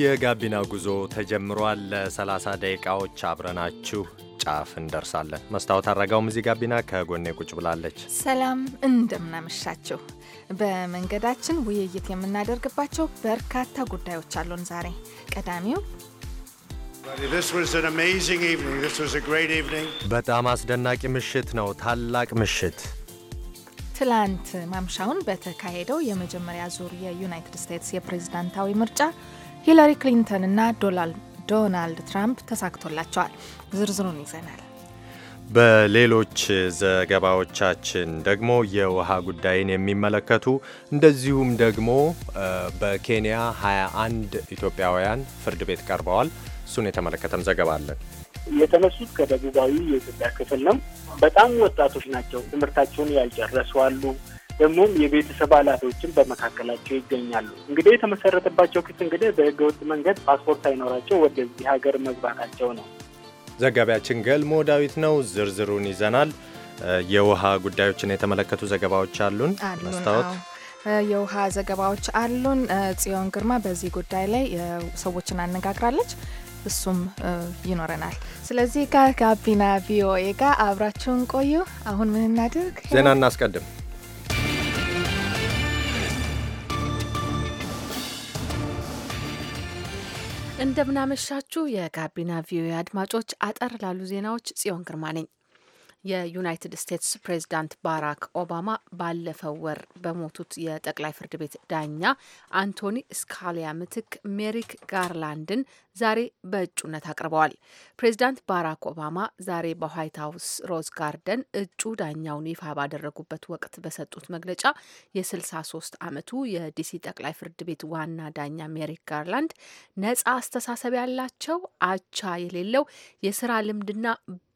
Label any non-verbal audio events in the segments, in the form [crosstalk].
የጋቢና ጉዞ ተጀምሯል። ለ30 ደቂቃዎች አብረናችሁ ጫፍ እንደርሳለን። መስታወት አረጋውም እዚህ ጋቢና ከጎኔ ቁጭ ብላለች። ሰላም እንደምናመሻችሁ። በመንገዳችን ውይይት የምናደርግባቸው በርካታ ጉዳዮች አሉን ዛሬ። ቀዳሚው በጣም አስደናቂ ምሽት ነው። ታላቅ ምሽት ትላንት ማምሻውን በተካሄደው የመጀመሪያ ዙር የዩናይትድ ስቴትስ የፕሬዝዳንታዊ ምርጫ ሂላሪ ክሊንተን እና ዶናልድ ትራምፕ ተሳክቶላቸዋል። ዝርዝሩን ይዘናል። በሌሎች ዘገባዎቻችን ደግሞ የውሃ ጉዳይን የሚመለከቱ እንደዚሁም ደግሞ በኬንያ 21 ኢትዮጵያውያን ፍርድ ቤት ቀርበዋል። እሱን የተመለከተም ዘገባ አለን። የተነሱት ከደቡባዊ የኢትዮጵያ ክፍል ነው። በጣም ወጣቶች ናቸው። ትምህርታቸውን ያልጨረሱ አሉ። ደግሞም የቤተሰብ ኃላፊዎችን በመካከላቸው ይገኛሉ። እንግዲህ የተመሰረተባቸው ክስ እንግዲህ በህገወጥ መንገድ ፓስፖርት አይኖራቸው ወደዚህ ሀገር መግባታቸው ነው። ዘጋቢያችን ገልሞ ዳዊት ነው። ዝርዝሩን ይዘናል። የውሃ ጉዳዮችን የተመለከቱ ዘገባዎች አሉን። መስታወት የውሃ ዘገባዎች አሉን። ጽዮን ግርማ በዚህ ጉዳይ ላይ ሰዎችን አነጋግራለች። እሱም ይኖረናል። ስለዚህ ጋር ጋቢና ቪኦኤ ጋር አብራችሁን ቆዩ። አሁን ምን እናድርግ? ዜና እናስቀድም። እንደምናመሻችሁ የጋቢና ቪኦኤ አድማጮች፣ አጠር ላሉ ዜናዎች ጽዮን ግርማ ነኝ። የዩናይትድ ስቴትስ ፕሬዚዳንት ባራክ ኦባማ ባለፈው ወር በሞቱት የጠቅላይ ፍርድ ቤት ዳኛ አንቶኒ ስካሊያ ምትክ ሜሪክ ጋርላንድን ዛሬ በእጩነት አቅርበዋል። ፕሬዚዳንት ባራክ ኦባማ ዛሬ በዋይት ሀውስ ሮዝ ጋርደን እጩ ዳኛውን ይፋ ባደረጉበት ወቅት በሰጡት መግለጫ የ63 ዓመቱ የዲሲ ጠቅላይ ፍርድ ቤት ዋና ዳኛ ሜሪክ ጋርላንድ ነጻ አስተሳሰብ ያላቸው አቻ የሌለው የስራ ልምድና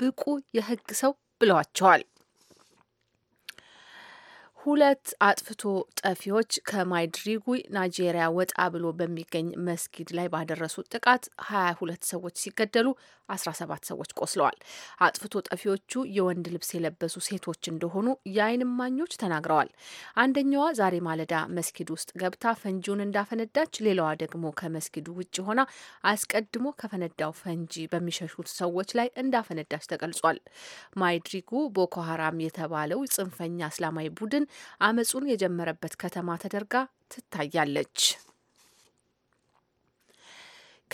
ብቁ የህግ ሰው ብለዋቸዋል ሁለት አጥፍቶ ጠፊዎች ከማይድሪጉ ናይጄሪያ ወጣ ብሎ በሚገኝ መስጊድ ላይ ባደረሱት ጥቃት ሀያ ሁለት ሰዎች ሲገደሉ አስራ ሰባት ሰዎች ቆስለዋል። አጥፍቶ ጠፊዎቹ የወንድ ልብስ የለበሱ ሴቶች እንደሆኑ የዓይን እማኞች ተናግረዋል። አንደኛዋ ዛሬ ማለዳ መስጊድ ውስጥ ገብታ ፈንጂውን እንዳፈነዳች፣ ሌላዋ ደግሞ ከመስጊዱ ውጭ ሆና አስቀድሞ ከፈነዳው ፈንጂ በሚሸሹት ሰዎች ላይ እንዳፈነዳች ተገልጿል። ማይድሪጉ ቦኮ ሀራም የተባለው ጽንፈኛ እስላማዊ ቡድን አመጹን የጀመረበት ከተማ ተደርጋ ትታያለች።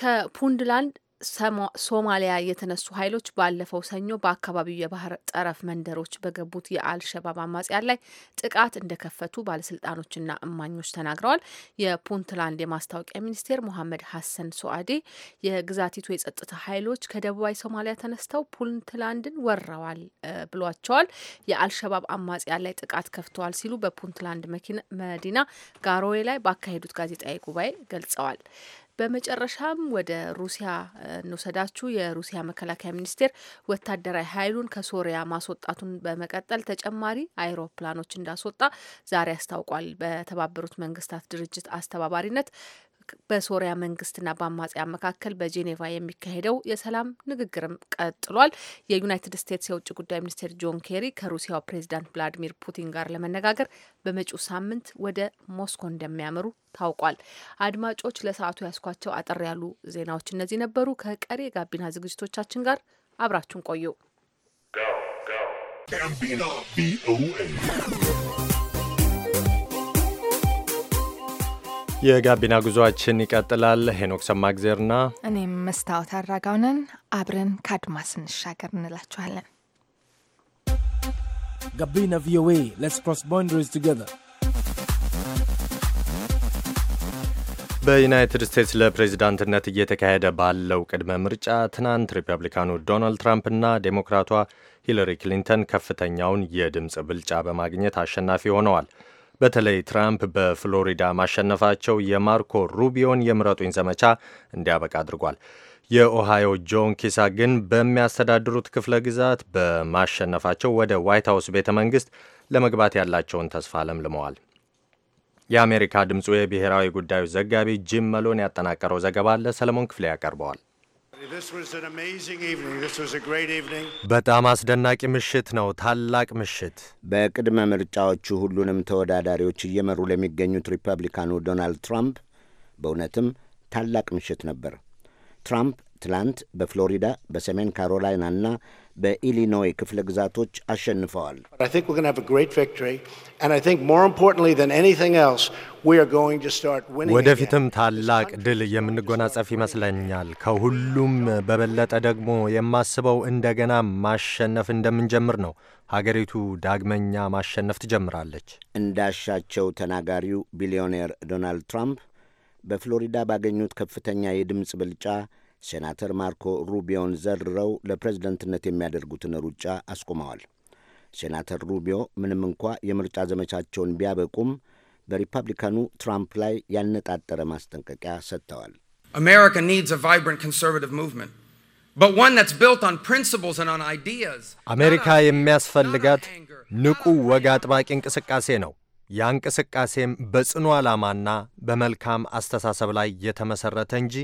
ከፑንድላንድ ሶማሊያ የተነሱ ኃይሎች ባለፈው ሰኞ በአካባቢው የባህር ጠረፍ መንደሮች በገቡት የአልሸባብ አማጽያን ላይ ጥቃት እንደከፈቱ ባለስልጣኖችና እማኞች ተናግረዋል። የፑንትላንድ የማስታወቂያ ሚኒስቴር ሞሐመድ ሀሰን ሶአዴ የግዛቲቱ የጸጥታ ኃይሎች ከደቡባዊ ሶማሊያ ተነስተው ፑንትላንድን ወረዋል ብሏቸዋል። የአልሸባብ አማጽያን ላይ ጥቃት ከፍተዋል ሲሉ በፑንትላንድ መዲና ጋሮዌ ላይ ባካሄዱት ጋዜጣዊ ጉባኤ ገልጸዋል። በመጨረሻም ወደ ሩሲያ እንውሰዳችሁ። የሩሲያ መከላከያ ሚኒስቴር ወታደራዊ ኃይሉን ከሶሪያ ማስወጣቱን በመቀጠል ተጨማሪ አይሮፕላኖች እንዳስወጣ ዛሬ አስታውቋል። በተባበሩት መንግስታት ድርጅት አስተባባሪነት በሶሪያ መንግስትና በአማጽያ መካከል በጄኔቫ የሚካሄደው የሰላም ንግግርም ቀጥሏል። የዩናይትድ ስቴትስ የውጭ ጉዳይ ሚኒስትር ጆን ኬሪ ከሩሲያው ፕሬዚዳንት ቭላዲሚር ፑቲን ጋር ለመነጋገር በመጪው ሳምንት ወደ ሞስኮ እንደሚያመሩ ታውቋል። አድማጮች፣ ለሰዓቱ ያስኳቸው አጠር ያሉ ዜናዎች እነዚህ ነበሩ። ከቀሪ የጋቢና ዝግጅቶቻችን ጋር አብራችሁን ቆዩ። የጋቢና ጉዞአችን ይቀጥላል። ሄኖክ ሰማግዜርና እኔም መስታወት አራጋው ነን። አብረን ከአድማስ እንሻገር እንላችኋለን። ጋቢና ቪኦኤ ሌትስ ክሮስ ቦንደሪስ ቱጌዘር በዩናይትድ ስቴትስ ለፕሬዚዳንትነት እየተካሄደ ባለው ቅድመ ምርጫ ትናንት ሪፐብሊካኑ ዶናልድ ትራምፕ እና ዴሞክራቷ ሂለሪ ክሊንተን ከፍተኛውን የድምፅ ብልጫ በማግኘት አሸናፊ ሆነዋል። በተለይ ትራምፕ በፍሎሪዳ ማሸነፋቸው የማርኮ ሩቢዮን የምረጡኝ ዘመቻ እንዲያበቃ አድርጓል። የኦሃዮ ጆን ኪሳ ግን በሚያስተዳድሩት ክፍለ ግዛት በማሸነፋቸው ወደ ዋይት ሀውስ ቤተ መንግስት ለመግባት ያላቸውን ተስፋ ለምልመዋል። የአሜሪካ ድምፁ የብሔራዊ ጉዳዮች ዘጋቢ ጂም መሎን ያጠናቀረው ዘገባ አለ። ሰለሞን ክፍሌ ያቀርበዋል። በጣም አስደናቂ ምሽት ነው። ታላቅ ምሽት። በቅድመ ምርጫዎቹ ሁሉንም ተወዳዳሪዎች እየመሩ ለሚገኙት ሪፐብሊካኑ ዶናልድ ትራምፕ በእውነትም ታላቅ ምሽት ነበር። ትራምፕ ትላንት በፍሎሪዳ በሰሜን ካሮላይና እና በኢሊኖይ ክፍለ ግዛቶች አሸንፈዋል። ወደፊትም ታላቅ ድል የምንጎናጸፍ ይመስለኛል። ከሁሉም በበለጠ ደግሞ የማስበው እንደገና ማሸነፍ እንደምንጀምር ነው። ሀገሪቱ ዳግመኛ ማሸነፍ ትጀምራለች። እንዳሻቸው ተናጋሪው ቢሊዮኔር ዶናልድ ትራምፕ በፍሎሪዳ ባገኙት ከፍተኛ የድምፅ ብልጫ ሴናተር ማርኮ ሩቢዮን ዘርረው ለፕሬዝደንትነት የሚያደርጉትን ሩጫ አስቁመዋል። ሴናተር ሩቢዮ ምንም እንኳ የምርጫ ዘመቻቸውን ቢያበቁም በሪፐብሊካኑ ትራምፕ ላይ ያነጣጠረ ማስጠንቀቂያ ሰጥተዋል። አሜሪካ ኒድስ አ ቫይብራንት ኮንሰርቫቲቭ ሙቭመንት አሜሪካ የሚያስፈልጋት ንቁ ወግ አጥባቂ እንቅስቃሴ ነው። ያ እንቅስቃሴም በጽኑ ዓላማና በመልካም አስተሳሰብ ላይ የተመሠረተ እንጂ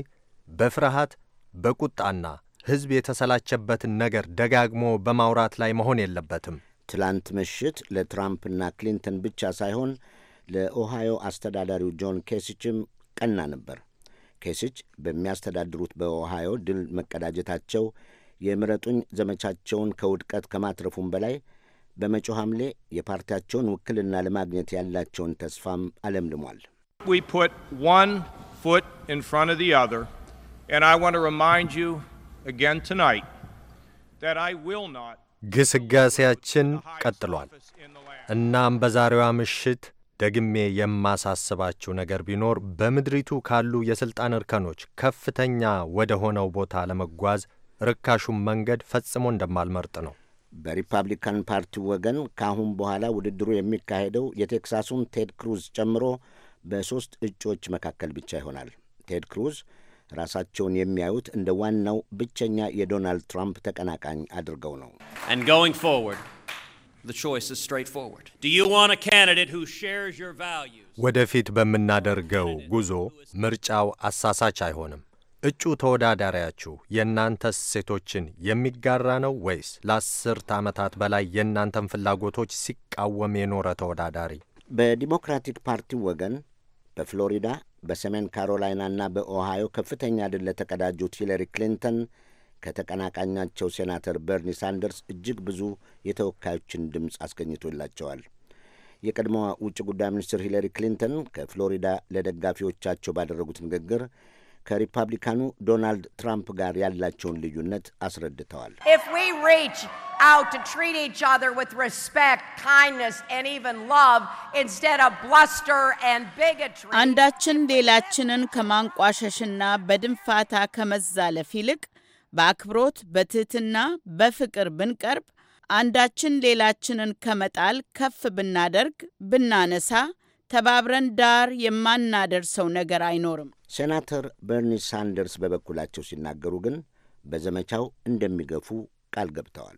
በፍርሃት በቁጣና ሕዝብ የተሰላቸበትን ነገር ደጋግሞ በማውራት ላይ መሆን የለበትም። ትላንት ምሽት ለትራምፕና ክሊንተን ብቻ ሳይሆን ለኦሃዮ አስተዳዳሪው ጆን ኬሲችም ቀና ነበር። ኬሲች በሚያስተዳድሩት በኦሃዮ ድል መቀዳጀታቸው የምረጡኝ ዘመቻቸውን ከውድቀት ከማትረፉም በላይ በመጪው ሐምሌ የፓርቲያቸውን ውክልና ለማግኘት ያላቸውን ተስፋም አለምልሟል። And I want to remind you again tonight that I will not ግስጋሴያችን ቀጥሏል። እናም በዛሬዋ ምሽት ደግሜ የማሳስባችሁ ነገር ቢኖር በምድሪቱ ካሉ የሥልጣን እርከኖች ከፍተኛ ወደ ሆነው ቦታ ለመጓዝ ርካሹን መንገድ ፈጽሞ እንደማልመርጥ ነው። በሪፐብሊካን ፓርቲ ወገን ከአሁን በኋላ ውድድሩ የሚካሄደው የቴክሳሱን ቴድ ክሩዝ ጨምሮ በሦስት እጩዎች መካከል ብቻ ይሆናል። ቴድ ክሩዝ ራሳቸውን የሚያዩት እንደ ዋናው ብቸኛ የዶናልድ ትራምፕ ተቀናቃኝ አድርገው ነው። ወደፊት በምናደርገው ጉዞ ምርጫው አሳሳች አይሆንም። እጩ ተወዳዳሪያችሁ የእናንተ እሴቶችን የሚጋራ ነው ወይስ ለአስርት ዓመታት በላይ የእናንተን ፍላጎቶች ሲቃወም የኖረ ተወዳዳሪ? በዲሞክራቲክ ፓርቲ ወገን በፍሎሪዳ በሰሜን ካሮላይናና በኦሃዮ ከፍተኛ ድል ለተቀዳጁት ሂለሪ ክሊንተን ከተቀናቃኛቸው ሴናተር በርኒ ሳንደርስ እጅግ ብዙ የተወካዮችን ድምፅ አስገኝቶላቸዋል። የቀድሞዋ ውጭ ጉዳይ ሚኒስትር ሂለሪ ክሊንተን ከፍሎሪዳ ለደጋፊዎቻቸው ባደረጉት ንግግር ከሪፐብሊካኑ ዶናልድ ትራምፕ ጋር ያላቸውን ልዩነት አስረድተዋል። አንዳችን ሌላችንን ከማንቋሸሽና በድንፋታ ከመዛለፍ ይልቅ በአክብሮት በትህትና፣ በፍቅር ብንቀርብ አንዳችን ሌላችንን ከመጣል ከፍ ብናደርግ፣ ብናነሳ ተባብረን ዳር የማናደርሰው ነገር አይኖርም። ሴናተር በርኒ ሳንደርስ በበኩላቸው ሲናገሩ ግን በዘመቻው እንደሚገፉ ቃል ገብተዋል።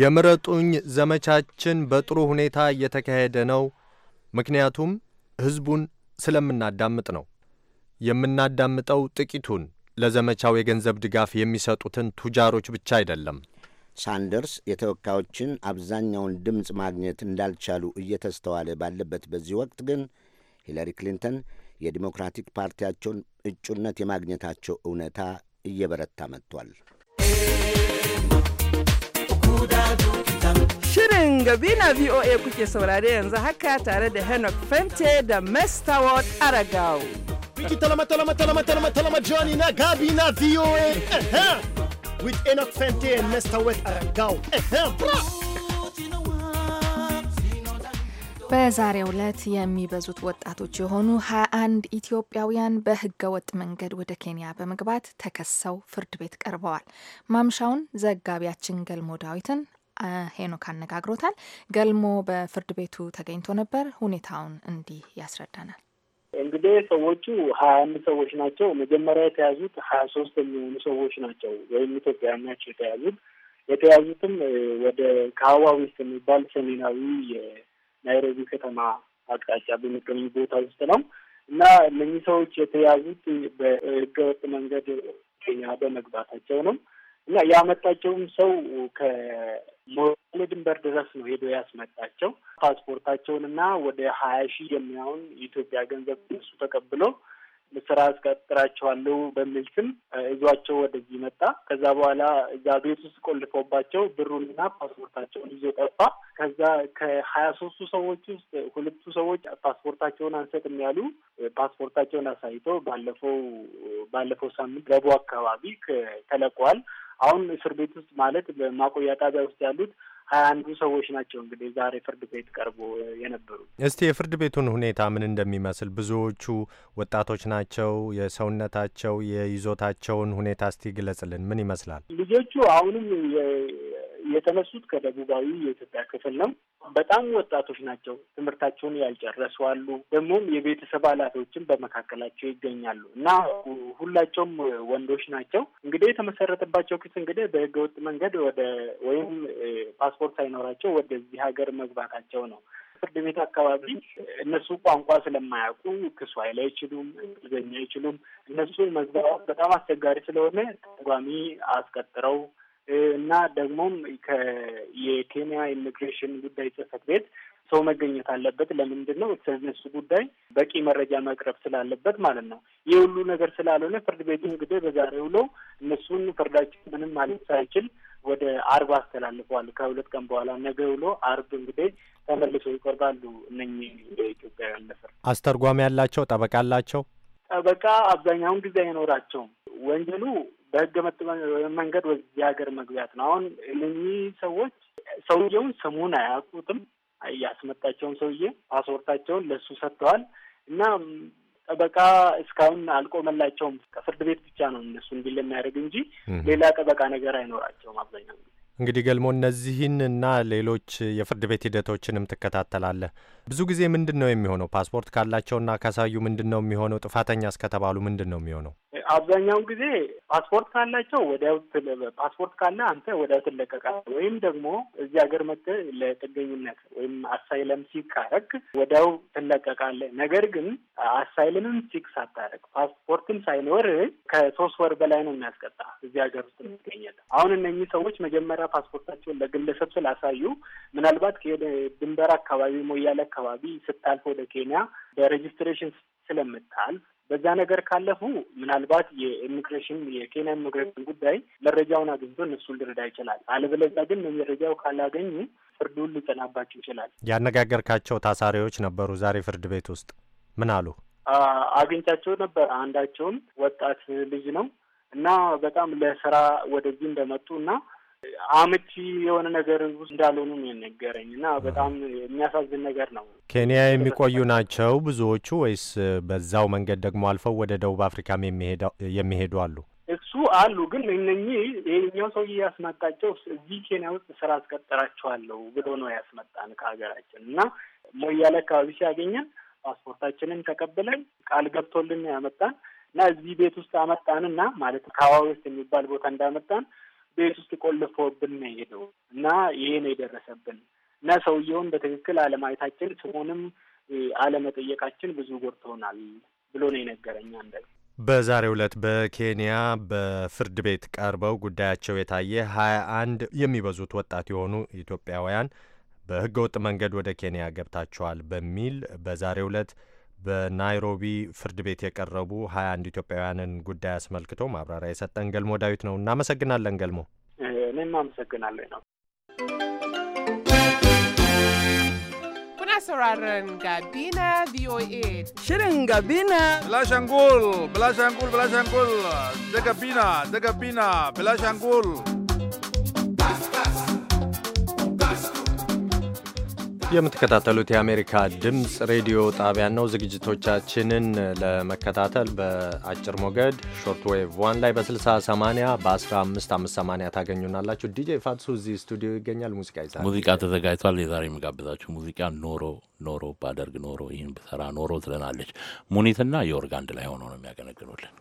የምረጡኝ ዘመቻችን በጥሩ ሁኔታ እየተካሄደ ነው፣ ምክንያቱም ሕዝቡን ስለምናዳምጥ ነው። የምናዳምጠው ጥቂቱን ለዘመቻው የገንዘብ ድጋፍ የሚሰጡትን ቱጃሮች ብቻ አይደለም። ሳንደርስ የተወካዮችን አብዛኛውን ድምፅ ማግኘት እንዳልቻሉ እየተስተዋለ ባለበት በዚህ ወቅት ግን ሂለሪ ክሊንተን የዲሞክራቲክ ፓርቲያቸውን እጩነት የማግኘታቸው እውነታ እየበረታ መጥቷል። Shirin Gabina VOA kuke saurare yanzu haka tare da Enoch Fente da Mestaward Aragaw. Biki talama talama talama talama talama Johnny na Gabina VOA. with Enoch Fenty and Mr. Wet Arangao. በዛሬው ዕለት የሚበዙት ወጣቶች የሆኑ 21 ኢትዮጵያውያን በህገወጥ መንገድ ወደ ኬንያ በመግባት ተከሰው ፍርድ ቤት ቀርበዋል። ማምሻውን ዘጋቢያችን ገልሞ ዳዊትን ሄኖክ አነጋግሮታል። ገልሞ በፍርድ ቤቱ ተገኝቶ ነበር። ሁኔታውን እንዲህ ያስረዳናል። እንግዲህ ሰዎቹ ሀያ አንድ ሰዎች ናቸው። መጀመሪያ የተያዙት ሀያ ሶስት የሚሆኑ ሰዎች ናቸው ወይም ኢትዮጵያውያን ናቸው የተያዙት። የተያዙትም ወደ ካዋ የሚባል ሰሜናዊ የናይሮቢ ከተማ አቅጣጫ በሚገኙ ቦታ ውስጥ ነው እና እነኚህ ሰዎች የተያዙት በህገወጥ መንገድ ኬንያ በመግባታቸው ነው እና ያመጣቸውም ሰው ከ ሞያሌ ድንበር ድረስ ነው ሄዶ ያስመጣቸው። ፓስፖርታቸውንና ወደ ሀያ ሺህ የሚሆን የኢትዮጵያ ገንዘብ እነሱ ተቀብሎ ስራ አስቀጥራቸዋለሁ በሚል ስም እዟቸው ወደዚህ መጣ። ከዛ በኋላ እዛ ቤት ውስጥ ቆልፎባቸው ብሩንና ፓስፖርታቸውን ይዞ ጠፋ። ከዛ ከሀያ ሶስቱ ሰዎች ውስጥ ሁለቱ ሰዎች ፓስፖርታቸውን አንሰጥም ያሉ ፓስፖርታቸውን አሳይተው ባለፈው ባለፈው ሳምንት ረቡዕ አካባቢ ተለቀዋል። አሁን እስር ቤት ውስጥ ማለት በማቆያ ጣቢያ ውስጥ ያሉት ሀያ አንዱ ሰዎች ናቸው እንግዲህ ዛሬ ፍርድ ቤት ቀርቦ የነበሩ። እስቲ የፍርድ ቤቱን ሁኔታ ምን እንደሚመስል ብዙዎቹ ወጣቶች ናቸው። የሰውነታቸው የይዞታቸውን ሁኔታ እስቲ ግለጽልን። ምን ይመስላል? ልጆቹ አሁንም የተነሱት ከደቡባዊ የኢትዮጵያ ክፍል ነው። በጣም ወጣቶች ናቸው። ትምህርታቸውን ያልጨረሱ አሉ። ደግሞም የቤተሰብ ኃላፊዎችን በመካከላቸው ይገኛሉ እና ሁላቸውም ወንዶች ናቸው። እንግዲህ የተመሰረተባቸው ክስ እንግዲህ በህገወጥ መንገድ ወደ ወይም ፓስፖርት ሳይኖራቸው ወደዚህ ሀገር መግባታቸው ነው። ፍርድ ቤት አካባቢ እነሱ ቋንቋ ስለማያውቁ ክሱ ኃይል አይችሉም፣ እንግሊዝኛ አይችሉም። እነሱን መግባባት በጣም አስቸጋሪ ስለሆነ ተጓሚ አስቀጥረው እና ደግሞም የኬንያ ኢሚግሬሽን ጉዳይ ጽህፈት ቤት ሰው መገኘት አለበት። ለምንድን ነው? ስለነሱ ጉዳይ በቂ መረጃ መቅረብ ስላለበት ማለት ነው። ይህ ሁሉ ነገር ስላልሆነ ፍርድ ቤቱ እንግዲህ በዛሬ ውሎ እነሱን ፍርዳቸው ምንም ማለት ሳይችል ወደ አርብ አስተላልፈዋል። ከሁለት ቀን በኋላ ነገ ውሎ አርብ እንግዲህ ተመልሶ ይቀርባሉ። እነኚህ የኢትዮጵያውያን ለፍርድ አስተርጓሚ ያላቸው ጠበቃ አላቸው። ጠበቃ አብዛኛውን ጊዜ አይኖራቸውም። ወንጀሉ በህገ መንገድ ወዚህ ሀገር መግቢያት ነው። አሁን እነኚህ ሰዎች ሰውየውን ስሙን አያውቁትም። ያስመጣቸውን ሰውዬ ፓስፖርታቸውን ለሱ ሰጥተዋል እና ጠበቃ እስካሁን አልቆመላቸውም። ከፍርድ ቤት ብቻ ነው እነሱ እንዲል የሚያደርግ እንጂ ሌላ ጠበቃ ነገር አይኖራቸውም አብዛኛው ጊዜ እንግዲህ ገልሞ እነዚህን እና ሌሎች የፍርድ ቤት ሂደቶችንም ትከታተላለህ። ብዙ ጊዜ ምንድን ነው የሚሆነው? ፓስፖርት ካላቸውና ካሳዩ ምንድን ነው የሚሆነው? ጥፋተኛ እስከተባሉ ምንድን ነው የሚሆነው? አብዛኛውን ጊዜ ፓስፖርት ካላቸው ወዲያው ፓስፖርት ካለ አንተ ወዲያው ትለቀቃለህ። ወይም ደግሞ እዚህ ሀገር መጥተህ ለጥገኝነት ወይም አሳይለም ሲክ ካረግ ወዲያው ትለቀቃለህ። ነገር ግን አሳይለምም ሲክ ሳታረግ ፓስፖርትም ሳይኖር ከሶስት ወር በላይ ነው የሚያስቀጣ እዚህ ሀገር ውስጥ የሚገኘት። አሁን እነኚህ ሰዎች መጀመሪያ ፓስፖርታቸውን ለግለሰብ ስላሳዩ ምናልባት ድንበር አካባቢ ሞያሌ አካባቢ ስታልፍ ወደ ኬንያ በሬጅስትሬሽን ስለምታልፍ በዛ ነገር ካለፉ ምናልባት የኢሚግሬሽን የኬንያ ኢሚግሬሽን ጉዳይ መረጃውን አግኝቶ እነሱን ሊረዳ ይችላል። አለበለዚያ ግን መረጃው ካላገኙ ፍርዱን ሊጸናባቸው ይችላል። ያነጋገርካቸው ታሳሪዎች ነበሩ ዛሬ ፍርድ ቤት ውስጥ ምን አሉ? አግኝቻቸው ነበር። አንዳቸውም ወጣት ልጅ ነው እና በጣም ለስራ ወደዚህ እንደመጡ እና አመቺ የሆነ ነገር ውስጥ እንዳልሆኑ ነው የነገረኝ እና በጣም የሚያሳዝን ነገር ነው። ኬንያ የሚቆዩ ናቸው ብዙዎቹ ወይስ በዛው መንገድ ደግሞ አልፈው ወደ ደቡብ አፍሪካም የሚሄዱ አሉ? እሱ አሉ ግን እነኚህ ይህኛው ሰውዬ ያስመጣቸው እዚህ ኬንያ ውስጥ ስራ አስቀጠራቸዋለሁ ብሎ ነው ያስመጣን ከሀገራችን እና ሞያሌ አካባቢ ሲያገኘን ፓስፖርታችንን ተቀብለን ቃል ገብቶልን ያመጣን እና እዚህ ቤት ውስጥ አመጣን እና ማለት ከአዋ ውስጥ የሚባል ቦታ እንዳመጣን ቤት ውስጥ ቆልፎብን ነው የሄደው እና ይሄ ነው የደረሰብን እና ሰውየውን በትክክል አለማየታችን ስሆንም አለመጠየቃችን ብዙ ጎድቶናል ብሎ ነው የነገረኝ። አንደ በዛሬው ዕለት በኬንያ በፍርድ ቤት ቀርበው ጉዳያቸው የታየ ሀያ አንድ የሚበዙት ወጣት የሆኑ ኢትዮጵያውያን በህገወጥ መንገድ ወደ ኬንያ ገብታቸዋል በሚል በዛሬው ዕለት በናይሮቢ ፍርድ ቤት የቀረቡ ሀያ አንድ ኢትዮጵያውያንን ጉዳይ አስመልክቶ ማብራሪያ የሰጠን ገልሞ ዳዊት ነው። እናመሰግናለን ገልሞ። እኔም አመሰግናለሁ ነው። sauraron Gabina VOA. Shirin Gabina. Bilashangul, Bilashangul, Bilashangul. Da Gabina, da Gabina, Bilashangul. የምትከታተሉት የአሜሪካ ድምፅ ሬዲዮ ጣቢያን ነው። ዝግጅቶቻችንን ለመከታተል በአጭር ሞገድ ሾርት ዌቭ ዋን ላይ በ6080 በ1558 ታገኙናላችሁ። ዲጄ ፋትሱ እዚህ ስቱዲዮ ይገኛል። ሙዚቃ ይዛ ሙዚቃ ተዘጋጅቷል። የዛሬ የሚጋብዛችሁ ሙዚቃ ኖሮ ኖሮ ባደርግ ኖሮ ይህን ብሰራ ኖሮ ትለናለች። ሙኒትና የኦርጋንድ ላይ ሆኖ ነው የሚያገለግሉልን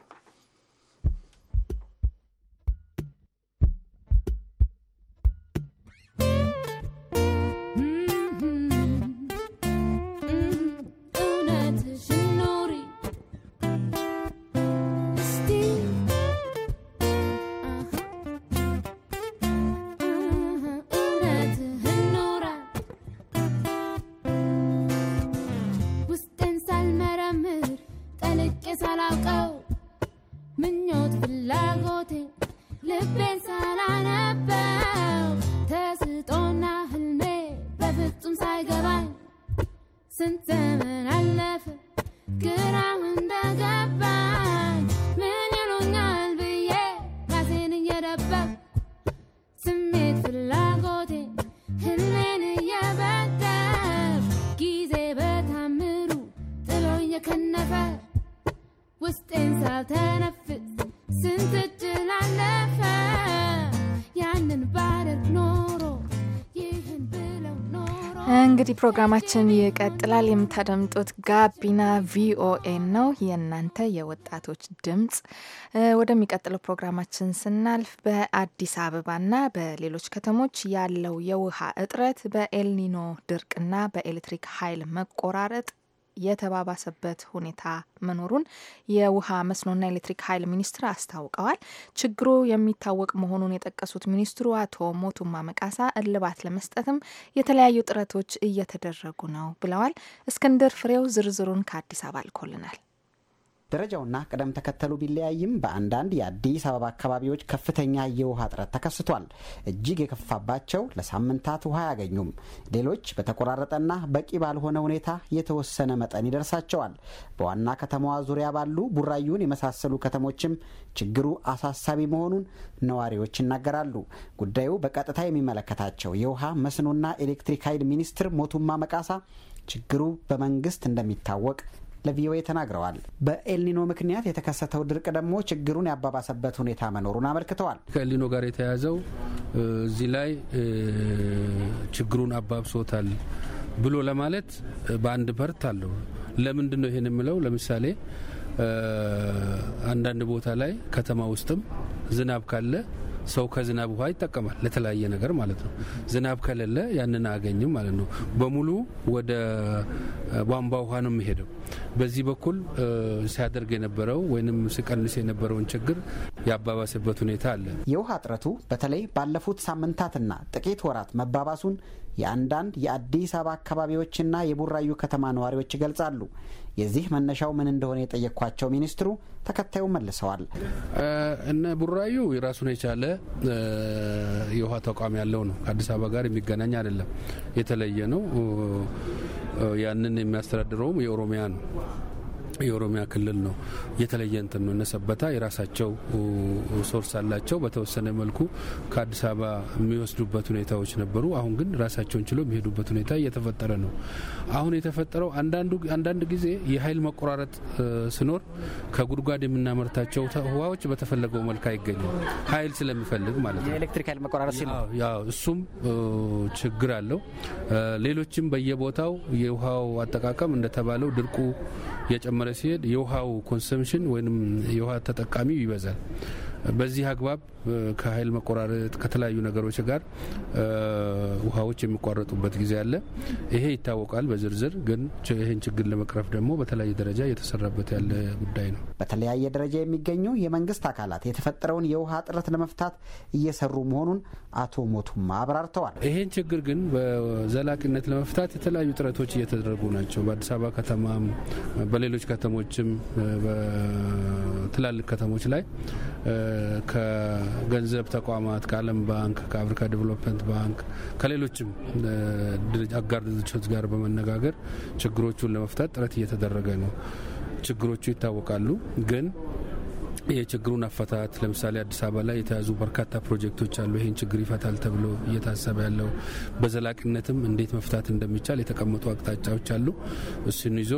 እንግዲህ ፕሮግራማችን ይቀጥላል። የምታደምጡት ጋቢና ቪኦኤ ነው፣ የእናንተ የወጣቶች ድምፅ። ወደሚቀጥለው ፕሮግራማችን ስናልፍ በአዲስ አበባና በሌሎች ከተሞች ያለው የውሃ እጥረት በኤልኒኖ ድርቅና በኤሌክትሪክ ኃይል መቆራረጥ የተባባሰበት ሁኔታ መኖሩን የውሃ መስኖና ኤሌክትሪክ ኃይል ሚኒስትር አስታውቀዋል። ችግሩ የሚታወቅ መሆኑን የጠቀሱት ሚኒስትሩ አቶ ሞቱማ መቃሳ እልባት ለመስጠትም የተለያዩ ጥረቶች እየተደረጉ ነው ብለዋል። እስክንድር ፍሬው ዝርዝሩን ከአዲስ አበባ ልኮልናል። ደረጃውና ቅደም ተከተሉ ቢለያይም በአንዳንድ የአዲስ አበባ አካባቢዎች ከፍተኛ የውሃ እጥረት ተከስቷል። እጅግ የከፋባቸው ለሳምንታት ውሃ አያገኙም። ሌሎች በተቆራረጠና በቂ ባልሆነ ሁኔታ የተወሰነ መጠን ይደርሳቸዋል። በዋና ከተማዋ ዙሪያ ባሉ ቡራዩን የመሳሰሉ ከተሞችም ችግሩ አሳሳቢ መሆኑን ነዋሪዎች ይናገራሉ። ጉዳዩ በቀጥታ የሚመለከታቸው የውሃ መስኖና ኤሌክትሪክ ኃይል ሚኒስትር ሞቱማ መቃሳ ችግሩ በመንግስት እንደሚታወቅ ለቪኦኤ ተናግረዋል። በኤልኒኖ ምክንያት የተከሰተው ድርቅ ደግሞ ችግሩን ያባባሰበት ሁኔታ መኖሩን አመልክተዋል። ከኤልኒኖ ጋር የተያያዘው እዚህ ላይ ችግሩን አባብሶታል ብሎ ለማለት በአንድ በርት አለው። ለምንድን ነው ይሄን የምለው? ለምሳሌ አንዳንድ ቦታ ላይ ከተማ ውስጥም ዝናብ ካለ ሰው ከዝናብ ውሃ ይጠቀማል ለተለያየ ነገር ማለት ነው። ዝናብ ከሌለ ያንን አያገኝም ማለት ነው። በሙሉ ወደ ቧንቧ ውሃ ነው የሚሄደው። በዚህ በኩል ሲያደርግ የነበረው ወይም ሲቀንስ የነበረውን ችግር ያባባሰበት ሁኔታ አለ። የውሃ እጥረቱ በተለይ ባለፉት ሳምንታትና ጥቂት ወራት መባባሱን የአንዳንድ የአዲስ አበባ አካባቢዎችና የቡራዩ ከተማ ነዋሪዎች ይገልጻሉ። የዚህ መነሻው ምን እንደሆነ የጠየኳቸው ሚኒስትሩ ተከታዩ መልሰዋል። እነ ቡራዩ የራሱን የቻለ የውሃ ተቋም ያለው ነው። ከአዲስ አበባ ጋር የሚገናኝ አይደለም፣ የተለየ ነው። ያንን የሚያስተዳድረውም የኦሮሚያ ነው። የኦሮሚያ ክልል ነው። የተለየ እንትን ነው። እነሰበታ የራሳቸው ሶርስ አላቸው። በተወሰነ መልኩ ከአዲስ አበባ የሚወስዱበት ሁኔታዎች ነበሩ። አሁን ግን ራሳቸውን ችሎ የሚሄዱበት ሁኔታ እየተፈጠረ ነው። አሁን የተፈጠረው አንዳንድ ጊዜ የኃይል መቆራረጥ ሲኖር ከጉድጓድ የምናመርታቸው ህዋዎች በተፈለገው መልክ አይገኙም። ኃይል ስለሚፈልግ ማለት ነው። የኤሌክትሪክ ኃይል መቆራረጥ ሲኖር እሱም ችግር አለው። ሌሎችም በየቦታው የውሃው አጠቃቀም እንደተባለው ድርቁ የጨመረ እየጨመረ ሲሄድ የውሃው ኮንሰምሽን ወይም የውሃ ተጠቃሚው ይበዛል። በዚህ አግባብ ከኃይል መቆራረጥ ከተለያዩ ነገሮች ጋር ውሃዎች የሚቋረጡበት ጊዜ አለ። ይሄ ይታወቃል በዝርዝር ግን ይህን ችግር ለመቅረፍ ደግሞ በተለያየ ደረጃ እየተሰራበት ያለ ጉዳይ ነው። በተለያየ ደረጃ የሚገኙ የመንግስት አካላት የተፈጠረውን የውሃ እጥረት ለመፍታት እየሰሩ መሆኑን አቶ ሞቱማ አብራርተዋል። ይህን ችግር ግን በዘላቂነት ለመፍታት የተለያዩ ጥረቶች እየተደረጉ ናቸው። በአዲስ አበባ ከተማም በሌሎች ከተሞችም በትላልቅ ከተሞች ላይ ከገንዘብ ተቋማት ከዓለም ባንክ፣ ከአፍሪካ ዴቨሎፕመንት ባንክ፣ ከሌሎችም አጋር ድርጅቶች ጋር በመነጋገር ችግሮቹን ለመፍታት ጥረት እየተደረገ ነው። ችግሮቹ ይታወቃሉ ግን የችግሩን አፈታት ለምሳሌ አዲስ አበባ ላይ የተያዙ በርካታ ፕሮጀክቶች አሉ። ይህን ችግር ይፈታል ተብሎ እየታሰበ ያለው በዘላቂነትም እንዴት መፍታት እንደሚቻል የተቀመጡ አቅጣጫዎች አሉ። እሱን ይዞ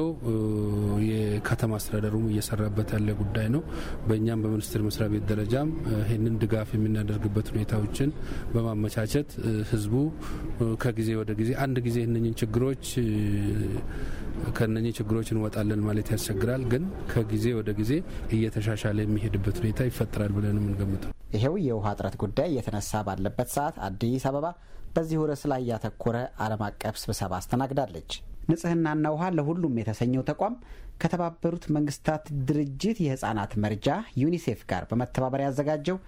የከተማ አስተዳደሩም እየሰራበት ያለ ጉዳይ ነው። በእኛም በሚኒስቴር መስሪያ ቤት ደረጃም ይህንን ድጋፍ የምናደርግበት ሁኔታዎችን በማመቻቸት ህዝቡ ከጊዜ ወደ ጊዜ አንድ ጊዜ እነኝን ችግሮች ከነኝ ችግሮች እንወጣለን ማለት ያስቸግራል። ግን ከጊዜ ወደ ጊዜ እየተሻሻለ የሚ የሚሄድበት ሁኔታ ይፈጠራል ብለን የምንገምተው። ይሄው የውሃ እጥረት ጉዳይ እየተነሳ ባለበት ሰዓት አዲስ አበባ በዚሁ ርዕስ ላይ ያተኮረ ዓለም አቀፍ ስብሰባ አስተናግዳለች። ንጽህናና ውሃ ለሁሉም የተሰኘው ተቋም ከተባበሩት መንግስታት ድርጅት የህፃናት መርጃ ዩኒሴፍ ጋር በመተባበር ያዘጋጀው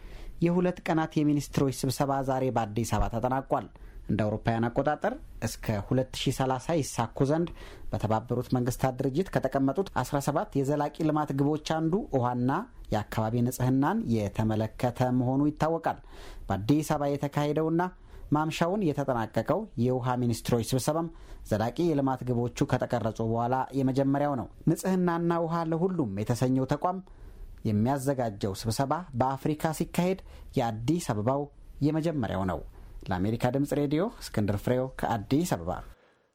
የሁለት ቀናት የሚኒስትሮች ስብሰባ ዛሬ በአዲስ አበባ ተጠናቋል። እንደ አውሮፓውያን አቆጣጠር እስከ 2030 ይሳኩ ዘንድ በተባበሩት መንግስታት ድርጅት ከተቀመጡት 17 የዘላቂ ልማት ግቦች አንዱ ውሃና የአካባቢ ንጽህናን የተመለከተ መሆኑ ይታወቃል። በአዲስ አበባ የተካሄደውና ማምሻውን የተጠናቀቀው የውሃ ሚኒስትሮች ስብሰባም ዘላቂ የልማት ግቦቹ ከተቀረጹ በኋላ የመጀመሪያው ነው። ንጽህናና ውሃ ለሁሉም የተሰኘው ተቋም የሚያዘጋጀው ስብሰባ በአፍሪካ ሲካሄድ የአዲስ አበባው የመጀመሪያው ነው። ለአሜሪካ ድምጽ ሬዲዮ እስክንድር ፍሬው ከአዲስ አበባ።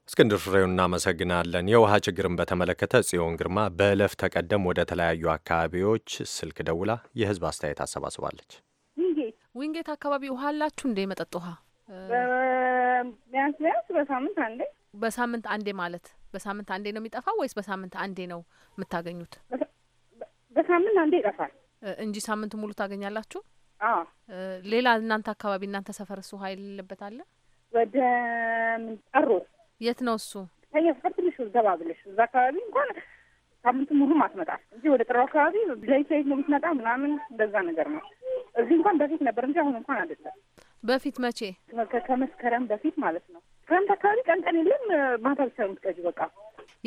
እስክንድር ፍሬው እናመሰግናለን። የውሃ ችግርን በተመለከተ ጽዮን ግርማ በእለፍ ተቀደም ወደ ተለያዩ አካባቢዎች ስልክ ደውላ የህዝብ አስተያየት አሰባስባለች። ዊንጌት አካባቢ ውሃ አላችሁ እንዴ? መጠጥ ውሃ ቢያንስ ቢያንስ በሳምንት አንዴ በሳምንት አንዴ ማለት በሳምንት አንዴ ነው የሚጠፋው ወይስ በሳምንት አንዴ ነው የምታገኙት? በሳምንት አንዴ ይጠፋል እንጂ ሳምንት ሙሉ ታገኛላችሁ? ሌላ እናንተ አካባቢ እናንተ ሰፈር እሱ ሀይል የሌለበት አለ? ወደ ምንጠሩ የት ነው እሱ? ከኛ ትንሽ ገባ ብለሽ እዛ አካባቢ እንኳን ሳምንቱ ሙሉም አትመጣም። እዚህ ወደ ጥሩ አካባቢ ለይት ለይት ነው የምትመጣ ምናምን እንደዛ ነገር ነው። እዚህ እንኳን በፊት ነበር እንጂ አሁን እንኳን አይደለም። በፊት መቼ? ከመስከረም በፊት ማለት ነው። ክረምት አካባቢ ቀን ቀን የለም፣ ማታ ብቻ ነው የምትቀጅ። በቃ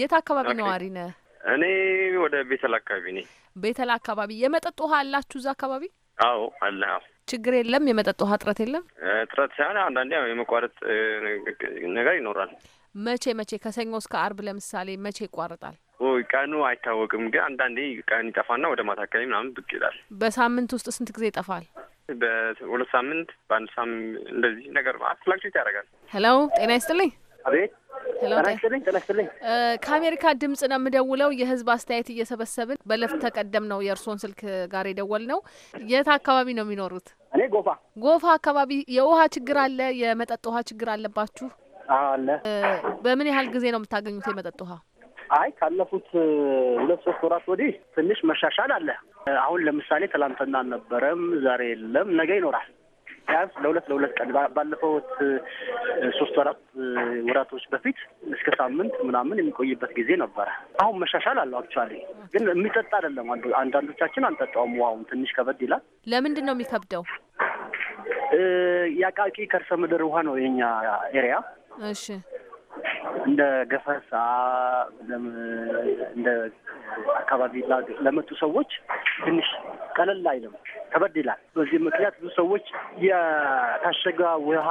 የት አካባቢ ነዋሪ ነህ? እኔ ወደ ቤተል አካባቢ ነኝ። ቤተል አካባቢ የመጠጥ ውሃ አላችሁ እዛ አካባቢ? አዎ አለ። ችግር የለም። የመጠጥ ውሃ እጥረት የለም። እጥረት ሳይሆን አንዳንዴ የመቋረጥ ነገር ይኖራል። መቼ መቼ ከሰኞ እስከ አርብ ለምሳሌ መቼ ይቋርጣል? ቀኑ አይታወቅም፣ ግን አንዳንዴ ቀን ይጠፋና ወደ ማታ አካባቢ ምናምን ብቅ ይላል። በሳምንት ውስጥ ስንት ጊዜ ይጠፋል? በሁለት ሳምንት፣ በአንድ ሳምንት እንደዚህ ነገር ፍላክቹዌት ያደርጋል። ሄሎ ጤና ይስጥልኝ። አቤት ከአሜሪካ ድምጽ ነው የምደውለው። የህዝብ አስተያየት እየሰበሰብን በለፍ ተቀደም ነው የእርስዎን ስልክ ጋር የደወል ነው። የት አካባቢ ነው የሚኖሩት? እኔ ጎፋ ጎፋ አካባቢ የውሃ ችግር አለ፣ የመጠጥ ውሃ ችግር አለባችሁ አለ። በምን ያህል ጊዜ ነው የምታገኙት የመጠጥ ውሃ? አይ ካለፉት ሁለት ሶስት ወራት ወዲህ ትንሽ መሻሻል አለ። አሁን ለምሳሌ ትላንትና አልነበረም፣ ዛሬ የለም፣ ነገ ይኖራል። ቢያንስ ለሁለት ለሁለት ቀን ባለፈውት ሶስት አራት ወራቶች በፊት እስከ ሳምንት ምናምን የሚቆይበት ጊዜ ነበረ። አሁን መሻሻል አለው። አክቹዋሊ ግን የሚጠጣ አይደለም። አንዳንዶቻችን አንጠጣውም። ውሃውን ትንሽ ከበድ ይላል። ለምንድን ነው የሚከብደው? የአቃቂ ከርሰ ምድር ውሃ ነው የኛ ኤሪያ። እሺ እንደ ገፈሳ እንደ አካባቢ ለመጡ ሰዎች ትንሽ ቀለል አይልም፣ ከበድ ይላል። በዚህ ምክንያት ብዙ ሰዎች የታሸገ ውሃ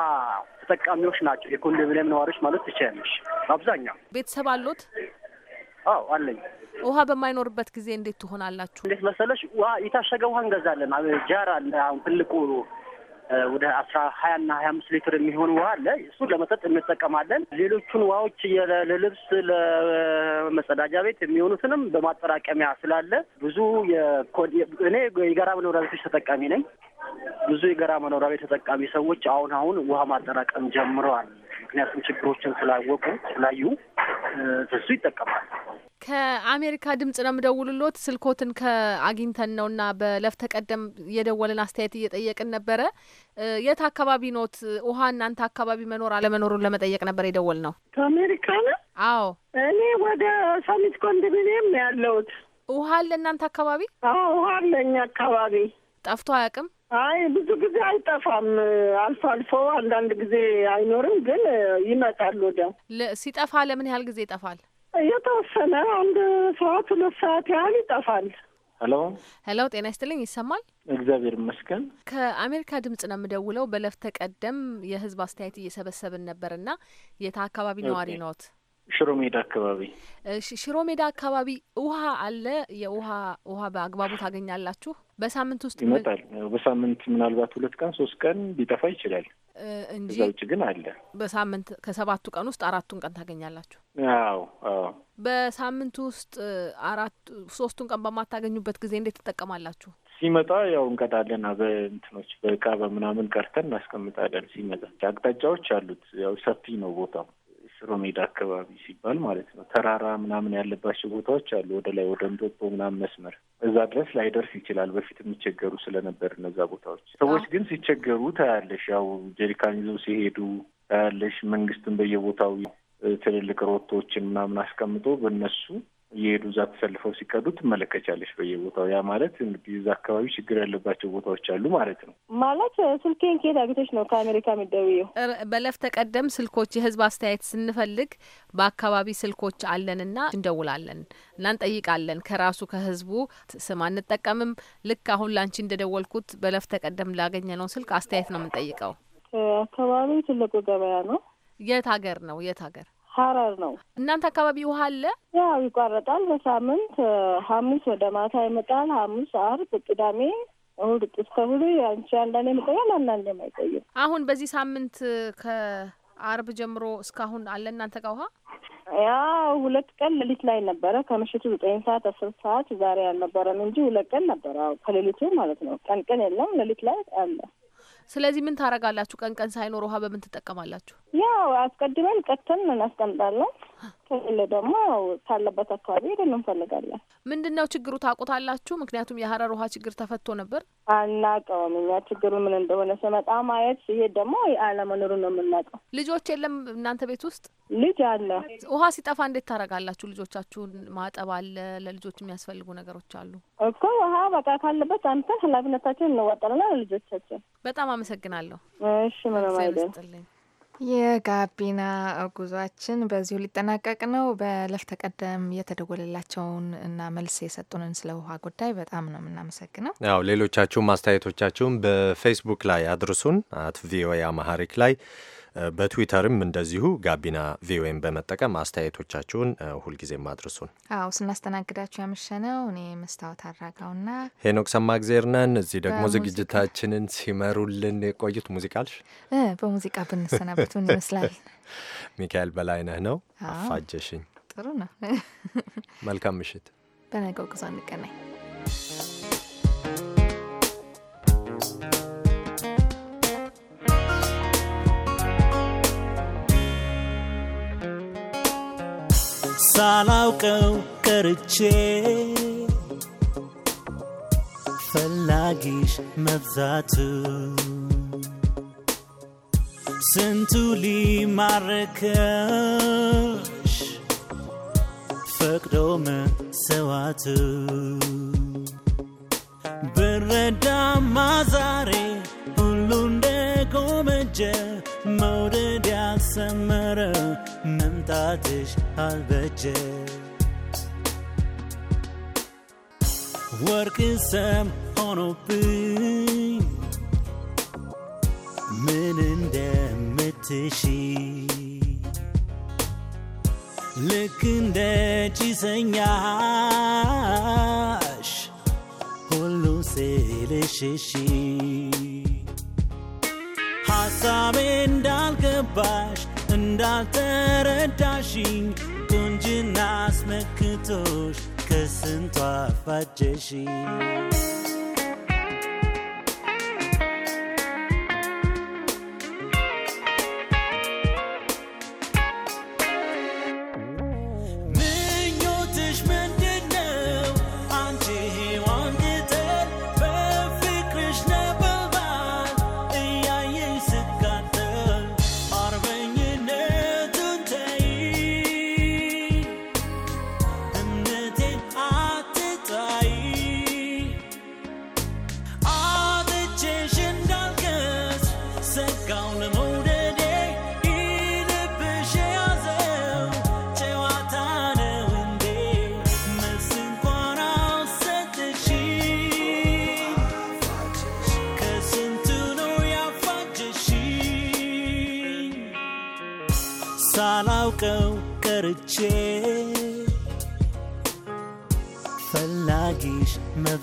ተጠቃሚዎች ናቸው። የኮንዶሚኒየም ነዋሪዎች ማለት ትችያለሽ። አብዛኛው ቤተሰብ አሉት። አዎ አለኝ። ውሃ በማይኖርበት ጊዜ እንዴት ትሆናላችሁ? እንዴት መሰለሽ ውሃ የታሸገ ውሃ እንገዛለን። ጃር አለ አሁን ትልቁ ወደ አስራ ሀያ እና ሀያ አምስት ሊትር የሚሆን ውሃ አለ። እሱን ለመጠጥ እንጠቀማለን። ሌሎቹን ውሃዎች ለልብስ፣ ለመጸዳጃ ቤት የሚሆኑትንም በማጠራቀሚያ ስላለ ብዙ እኔ የጋራ መኖሪያ ቤቶች ተጠቃሚ ነኝ። ብዙ የጋራ መኖሪያ ቤት ተጠቃሚ ሰዎች አሁን አሁን ውሃ ማጠራቀም ጀምረዋል። ምክንያቱም ችግሮችን ስላወቁ ስላዩ እሱ ይጠቀማል። ከአሜሪካ ድምጽ ነው የምደውሉሎት። ስልኮትን ከአግኝተን ነውና በለፍ ተቀደም የደወልን አስተያየት እየጠየቅን ነበረ። የት አካባቢ ኖት? ውሃ እናንተ አካባቢ መኖር አለመኖሩን ለመጠየቅ ነበር የደወል ነው። ከአሜሪካ ነ? አዎ፣ እኔ ወደ ሰሚት ኮንዶሚኒየም ያለሁት። ውሃ አለ እናንተ አካባቢ? አዎ፣ ውሃ አለ እኛ አካባቢ። ጠፍቶ አያውቅም። አይ ብዙ ጊዜ አይጠፋም። አልፎ አልፎ አንዳንድ ጊዜ አይኖርም፣ ግን ይመጣል ወደ ሲጠፋ ለምን ያህል ጊዜ ይጠፋል? የተወሰነ አንድ ሰዓት ሁለት ሰዓት ያህል ይጠፋል። ሄሎ ሄሎ፣ ጤና ይስጥልኝ። ይሰማል? እግዚአብሔር ይመስገን። ከአሜሪካ ድምጽ ነው የምደውለው። በለፍተ ቀደም የህዝብ አስተያየት እየሰበሰብን ነበርና የታ አካባቢ ነዋሪ ነዎት? ሽሮ ሜዳ አካባቢ። ሽሮ ሜዳ አካባቢ ውሃ አለ? የውሃ ውሃ በአግባቡ ታገኛላችሁ? በሳምንት ውስጥ ይመጣል። በሳምንት ምናልባት ሁለት ቀን ሶስት ቀን ሊጠፋ ይችላል። እንጂ እዛ ውጭ ግን አለ። በሳምንት ከሰባቱ ቀን ውስጥ አራቱን ቀን ታገኛላችሁ። አዎ አዎ። በሳምንቱ ውስጥ አራት ሶስቱን ቀን በማታገኙበት ጊዜ እንዴት ትጠቀማላችሁ? ሲመጣ ያው እንቀዳለን። በእንትኖች በእቃ በምናምን ቀርተን እናስቀምጣለን። ሲመጣ አቅጣጫዎች አሉት። ያው ሰፊ ነው ቦታው ስሮ ሜዳ አካባቢ ሲባል ማለት ነው። ተራራ ምናምን ያለባቸው ቦታዎች አሉ። ወደ ላይ ወደ እንጦጦ ምናምን መስመር እዛ ድረስ ላይደርስ ይችላል። በፊት የሚቸገሩ ስለነበር እነዛ ቦታዎች ሰዎች ግን ሲቸገሩ ታያለሽ። ያው ጀሪካን ይዘው ሲሄዱ ታያለሽ። መንግስትን በየቦታው ትልልቅ ሮቶዎችን ምናምን አስቀምጦ በእነሱ እየሄዱ እዛ ተሰልፈው ሲቀዱ ትመለከቻለች በየቦታው። ያ ማለት እንግዲህ እዛ አካባቢ ችግር ያለባቸው ቦታዎች አሉ ማለት ነው። ማለት ስልኬን ከየት አግኝተሽ ነው ከአሜሪካ የምትደውይው? በለፍ ተቀደም ስልኮች የህዝብ አስተያየት ስንፈልግ በአካባቢ ስልኮች አለንና እንደውላለን እና እንጠይቃለን። ከራሱ ከህዝቡ ስም አንጠቀምም። ልክ አሁን ላንቺ እንደደወልኩት በለፍ ተቀደም ላገኘነው ስልክ አስተያየት ነው የምንጠይቀው። አካባቢ ትልቁ ገበያ ነው። የት ሀገር ነው? የት ሀገር ሀረር ነው። እናንተ አካባቢ ውሃ አለ? ያው ይቋረጣል። በሳምንት ሐሙስ ወደ ማታ ይመጣል። ሐሙስ፣ አርብ፣ ቅዳሜ እሁድ እስከ እሁድ አንቺ አንዳንዴ ይቆያል፣ አንዳንዴ አይቆይም። አሁን በዚህ ሳምንት ከአርብ ጀምሮ እስካሁን አለ እናንተ ጋር ውሃ? ያ ሁለት ቀን ሌሊት ላይ ነበረ ከምሽቱ ዘጠኝ ሰዓት አስር ሰዓት ዛሬ አልነበረም እንጂ ሁለት ቀን ነበረ ከሌሊቱ ማለት ነው። ቀን ቀን የለም፣ ሌሊት ላይ አለ። ስለዚህ ምን ታረጋላችሁ? ቀን ቀን ሳይኖር ውሀ በምን ትጠቀማላችሁ? ያው አስቀድመን ቀተን እናስቀምጣለን። ከሌለ ደግሞ ያው ካለበት አካባቢ ሄደን እንፈልጋለን። ምንድን ነው ችግሩ ታውቁታላችሁ? ምክንያቱም የሀረር ውሃ ችግር ተፈቶ ነበር። አናውቀውም እኛ ችግሩ ምን እንደሆነ ስመጣ ማየት ሲሄድ ደግሞ አለመኖሩ ነው የምናውቀው። ልጆች የለም እናንተ ቤት ውስጥ ልጅ አለ። ውሃ ሲጠፋ እንዴት ታደርጋላችሁ? ልጆቻችሁን ማጠብ አለ፣ ለልጆች የሚያስፈልጉ ነገሮች አሉ እኮ። ውሃ በቃ ካለበት አንተን ኃላፊነታችን እንዋጠልና ለልጆቻችን። በጣም አመሰግናለሁ። እሺ ምንም አይደል። የጋቢና ጉዟችን በዚሁ ሊጠናቀቅ ነው። በለፍ ተቀደም የተደወለላቸውን እና መልስ የሰጡንን ስለ ውሃ ጉዳይ በጣም ነው የምናመሰግነው። ያው ሌሎቻችሁም አስተያየቶቻችሁም በፌስቡክ ላይ አድርሱን፣ አት ቪኦኤ አማሃሪክ ላይ በትዊተርም እንደዚሁ ጋቢና ቪኦኤም በመጠቀም አስተያየቶቻችሁን ሁልጊዜ አድርሱን። አዎ ስናስተናግዳችሁ ያመሸነው እኔ መስታወት አራጋውና ሄኖክ ሰማእግዜር ነን። እዚህ ደግሞ ዝግጅታችንን ሲመሩልን የቆዩት ሙዚቃልሽ በሙዚቃ ብንሰናበቱን ይመስላል። [laughs] ሚካኤል በላይነህ ነው። አፋጀሽኝ። ጥሩ ነው። መልካም ምሽት። በነገው ጉዞ እንገናኝ። ሳላውቀው ቀርቼ ፈላጊሽ መብዛቱ ስንቱ ሊማረከሽ ፈቅዶ መሰዋቱ ብረዳማ ዛሬ ሁሉ እንደጎመጀ መውደድ ያልሰመረ መምጣትሽ አልበጀ ወርቅ ሰም ሆኖብኝ ምን እንደምትሺ ልክ እንደ ጭሰኛሽ ሁሉ ስልሽሺ ሀሳቤ እንዳልገባሽ እንዳልተረዳሽኝ ቁንጅና አስመክቶሽ ከስንቱ አፋጀሽኝ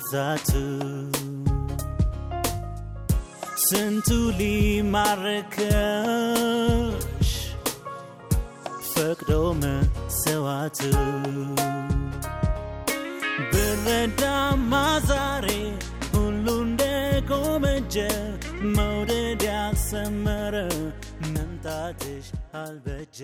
ብዛቱ ስንቱ ሊማረከሽ ፈቅዶ መሰዋቱ ብረዳማ ዛሬ ሁሉ እንደጎመጀ መውደድ ያሰመረ መምጣትሽ አልበጀ